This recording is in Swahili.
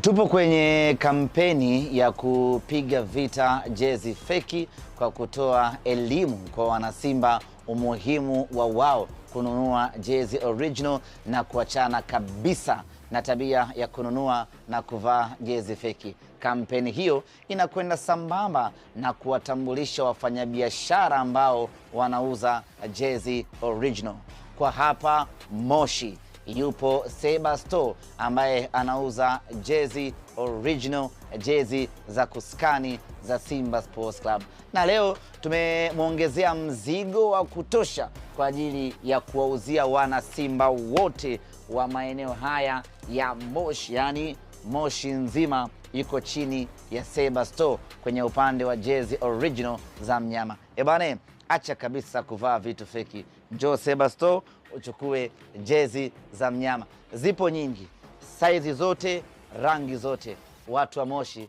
Tupo kwenye kampeni ya kupiga vita jezi feki kwa kutoa elimu kwa wanasimba umuhimu wa wao kununua jezi original na kuachana kabisa na tabia ya kununua na kuvaa jezi feki. Kampeni hiyo inakwenda sambamba na kuwatambulisha wafanyabiashara ambao wanauza jezi original. Kwa hapa Moshi yupo Seba Store ambaye anauza jezi original, jezi za kuskani za Simba Sports Club, na leo tumemwongezea mzigo wa kutosha kwa ajili ya kuwauzia wana Simba wote wa maeneo haya ya Moshi, yani Moshi nzima iko chini ya Seba Store kwenye upande wa jezi original za mnyama. Ebane, acha kabisa kuvaa vitu feki, njoo Seba Store uchukue jezi za mnyama. Zipo nyingi, saizi zote, rangi zote. Watu wa Moshi